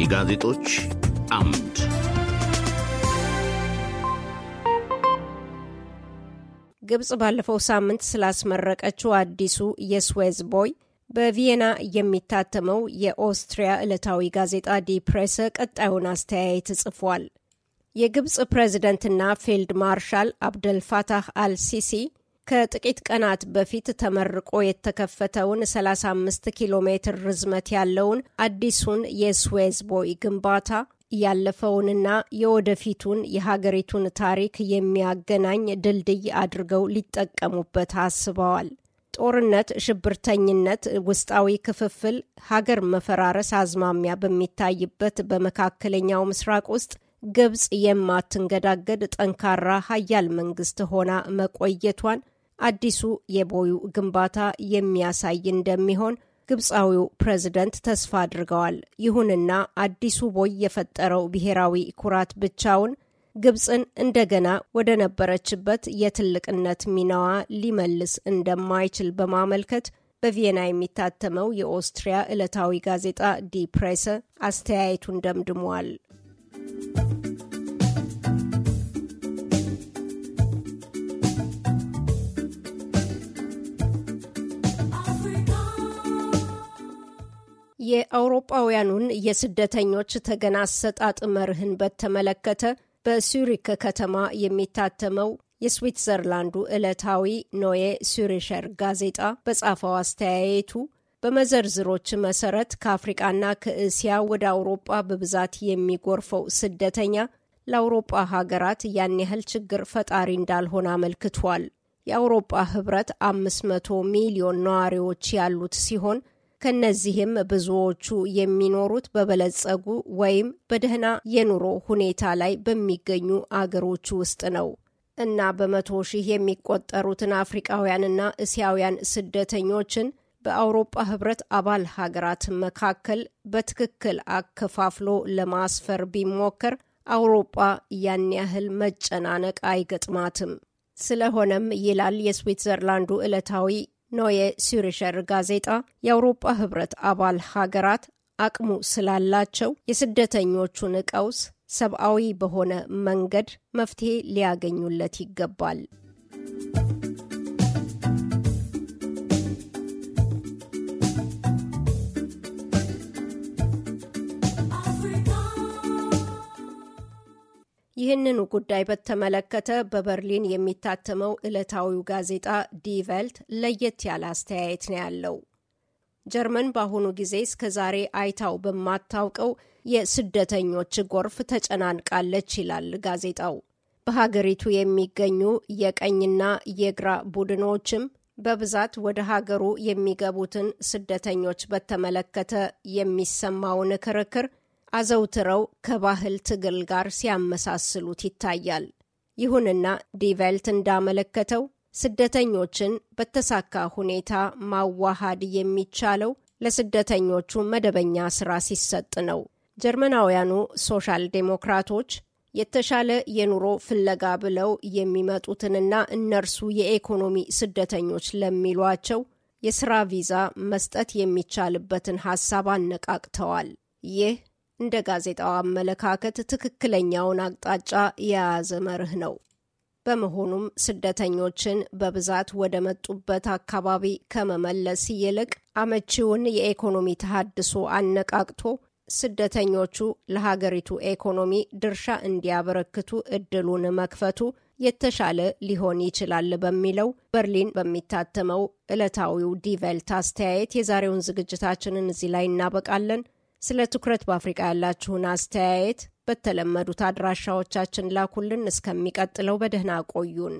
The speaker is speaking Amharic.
የጋዜጦች አምድ ግብጽ ባለፈው ሳምንት ስላስመረቀችው አዲሱ የስዌዝ ቦይ በቪየና የሚታተመው የኦስትሪያ ዕለታዊ ጋዜጣ ዲፕሬስ ቀጣዩን አስተያየት ጽፏል። የግብጽ ፕሬዝደንትና ፊልድ ማርሻል አብደልፋታህ አልሲሲ ከጥቂት ቀናት በፊት ተመርቆ የተከፈተውን 35 ኪሎ ሜትር ርዝመት ያለውን አዲሱን የስዌዝ ቦይ ግንባታ ያለፈውንና የወደፊቱን የሀገሪቱን ታሪክ የሚያገናኝ ድልድይ አድርገው ሊጠቀሙበት አስበዋል። ጦርነት፣ ሽብርተኝነት፣ ውስጣዊ ክፍፍል፣ ሀገር መፈራረስ አዝማሚያ በሚታይበት በመካከለኛው ምስራቅ ውስጥ ግብጽ የማትንገዳገድ ጠንካራ ሀያል መንግስት ሆና መቆየቷን አዲሱ የቦዩ ግንባታ የሚያሳይ እንደሚሆን ግብፃዊው ፕሬዝደንት ተስፋ አድርገዋል። ይሁንና አዲሱ ቦይ የፈጠረው ብሔራዊ ኩራት ብቻውን ግብፅን እንደገና ወደ ነበረችበት የትልቅነት ሚናዋ ሊመልስ እንደማይችል በማመልከት በቪየና የሚታተመው የኦስትሪያ ዕለታዊ ጋዜጣ ዲፕሬሰ አስተያየቱን ደምድሟል። የአውሮጳውያኑን የስደተኞች ተገና አሰጣጥ መርህን በተመለከተ በሱሪክ ከተማ የሚታተመው የስዊትዘርላንዱ ዕለታዊ ኖዬ ሱሪሸር ጋዜጣ በጻፈው አስተያየቱ በመዘርዝሮች መሰረት ከአፍሪቃና ከእስያ ወደ አውሮጳ በብዛት የሚጎርፈው ስደተኛ ለአውሮጳ ሀገራት ያን ያህል ችግር ፈጣሪ እንዳልሆነ አመልክቷል። የአውሮጳ ህብረት 500 ሚሊዮን ነዋሪዎች ያሉት ሲሆን ከነዚህም ብዙዎቹ የሚኖሩት በበለጸጉ ወይም በደህና የኑሮ ሁኔታ ላይ በሚገኙ አገሮች ውስጥ ነው እና በመቶ ሺህ የሚቆጠሩትን አፍሪቃውያንና እስያውያን ስደተኞችን በአውሮፓ ህብረት አባል ሀገራት መካከል በትክክል አከፋፍሎ ለማስፈር ቢሞከር አውሮፓ ያን ያህል መጨናነቅ አይገጥማትም። ስለሆነም ይላል የስዊትዘርላንዱ ዕለታዊ ኖየ ሱሪሸር ጋዜጣ የአውሮፓ ህብረት አባል ሀገራት አቅሙ ስላላቸው የስደተኞቹን ቀውስ ሰብአዊ በሆነ መንገድ መፍትሄ ሊያገኙለት ይገባል። ይህንኑ ጉዳይ በተመለከተ በበርሊን የሚታተመው ዕለታዊው ጋዜጣ ዲቨልት ለየት ያለ አስተያየት ነው ያለው። ጀርመን በአሁኑ ጊዜ እስከዛሬ አይታው በማታውቀው የስደተኞች ጎርፍ ተጨናንቃለች ይላል ጋዜጣው። በሀገሪቱ የሚገኙ የቀኝና የግራ ቡድኖችም በብዛት ወደ ሀገሩ የሚገቡትን ስደተኞች በተመለከተ የሚሰማውን ክርክር አዘውትረው ከባህል ትግል ጋር ሲያመሳስሉት ይታያል። ይሁንና ዲቨልት እንዳመለከተው ስደተኞችን በተሳካ ሁኔታ ማዋሃድ የሚቻለው ለስደተኞቹ መደበኛ ስራ ሲሰጥ ነው። ጀርመናውያኑ ሶሻል ዴሞክራቶች የተሻለ የኑሮ ፍለጋ ብለው የሚመጡትንና እነርሱ የኢኮኖሚ ስደተኞች ለሚሏቸው የስራ ቪዛ መስጠት የሚቻልበትን ሀሳብ አነቃቅተዋል። ይህ እንደ ጋዜጣው አመለካከት ትክክለኛውን አቅጣጫ የያዘ መርህ ነው። በመሆኑም ስደተኞችን በብዛት ወደ መጡበት አካባቢ ከመመለስ ይልቅ አመቺውን የኢኮኖሚ ተሃድሶ አነቃቅቶ ስደተኞቹ ለሀገሪቱ ኢኮኖሚ ድርሻ እንዲያበረክቱ እድሉን መክፈቱ የተሻለ ሊሆን ይችላል በሚለው በርሊን በሚታተመው ዕለታዊው ዲቬልት አስተያየት የዛሬውን ዝግጅታችንን እዚህ ላይ እናበቃለን። ስለ ትኩረት በአፍሪቃ ያላችሁን አስተያየት በተለመዱት አድራሻዎቻችን ላኩልን። እስከሚቀጥለው በደህና ቆዩን።